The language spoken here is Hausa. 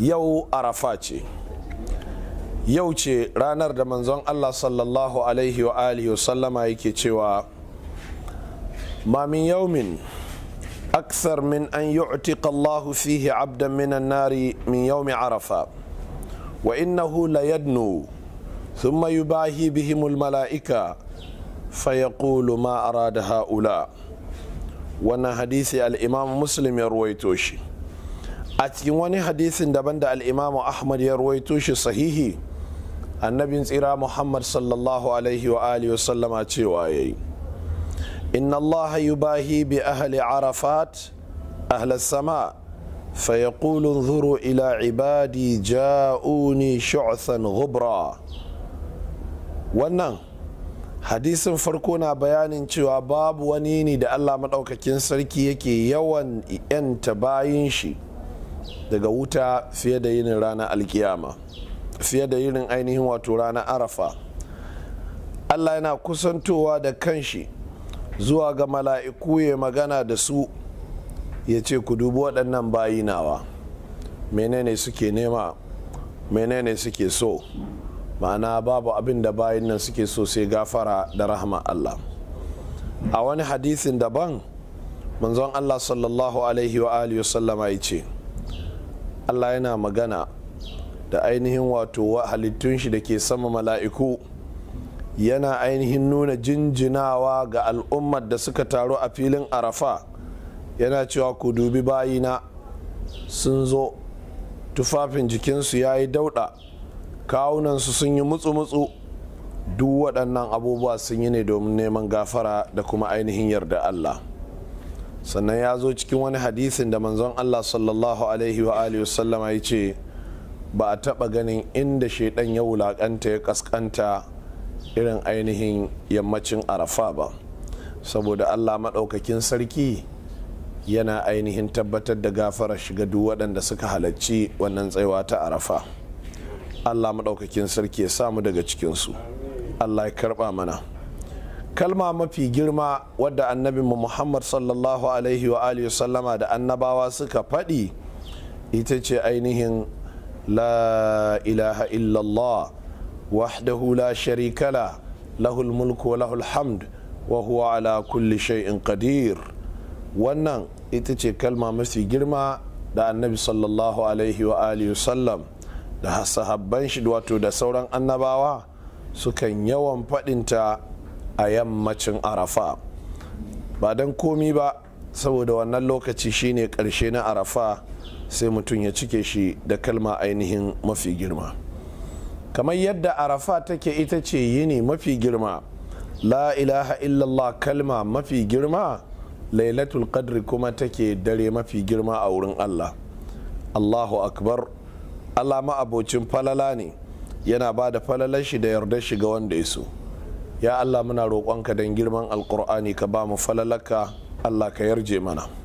yau arafa ce yau ce ranar da manzon allah sallallahu alaihi wa alihi sallama yake cewa mamin yaumin akthar min an yu'tiqa allah fihi abdan min nari min yaumi arafa wa innahu la yadnu thumma yubahi bihim mala'ika فيقول ما أراد هؤلاء وأن حديث الإمام مسلم shi. a cikin wani hadisin daban da al'imamu ahmad ya ruwaito shi sahihi annabin tsira muhammad sallallahu alaihi wa alihi wasallama cewa ya yi inna allaha yubahi bi ahli arafat ahli sama fa yaqulu انظروا ila ibadi ja'uni shu'san ghubra wannan hadisin farko na bayanin cewa babu wani ne da allah maɗaukakin sarki yake yawan 'yanta bayin shi daga wuta fiye da yinin ranar alkiyama fiye da yinin ainihin wato ranar arafa allah yana kusantowa da kanshi zuwa ga mala'iku ya magana da su ya ce ku dubi waɗannan bayi nawa menene suke nema menene suke so ma'ana babu abin da bayin nan suke so sai gafara da rahama allah a wani hadisin daban manzon allah sallallahu alaihi wa alihi wasallama ya ce allah yana magana da ainihin wato halittun shi da ke sama mala'iku yana ainihin nuna jinjinawa ga al'ummar da suka taru a filin arafa yana cewa ku dubi bayina sun zo tufafin jikinsu ya yi dauɗa kawunansu sun yi mutsu-mutsu duk waɗannan abubuwa sun yi ne domin neman gafara da kuma ainihin yarda allah sannan ya zo cikin wani hadisin da manzon Allah sallallahu alaihi wa alihi wasallama ya ce ba a taɓa ganin inda shaidan ya wulakanta ya kaskanta irin ainihin yammacin arafa ba saboda Allah maɗaukakin sarki yana ainihin tabbatar da gafara shiga duk waɗanda suka halarci wannan tsaiwa ta arafa Allah maɗaukakin sarki ya samu daga cikinsu Allah ya karɓa mana. kalma mafi girma wadda annabi muhammad sallallahu alaihi wa sallama da annabawa suka faɗi ita ce ainihin la ilaha illallah wahdahu la sharikala lahul mulku wa lahul hamd wa huwa ala kulli shay'in qadir wannan ita ce kalma mafi girma da annabi sallallahu alaihi wa sallam da sahabban shi wato da sauran annabawa sukan yawan faɗinta a yammacin arafa ba don komi ba saboda wannan lokaci shine karshe na arafa sai mutum ya cike shi da kalma ainihin mafi girma kamar yadda arafa take ita ce yini mafi girma la ilaha illallah kalma mafi girma lailatul kadri kuma take dare mafi girma a wurin allah allahu akbar allah ma'abocin falala ne yana ba da falalar shi da yardar shiga wanda ya so ya allah muna roƙonka don girman alkur'ani ka ba mu falalaka allah ka yarje mana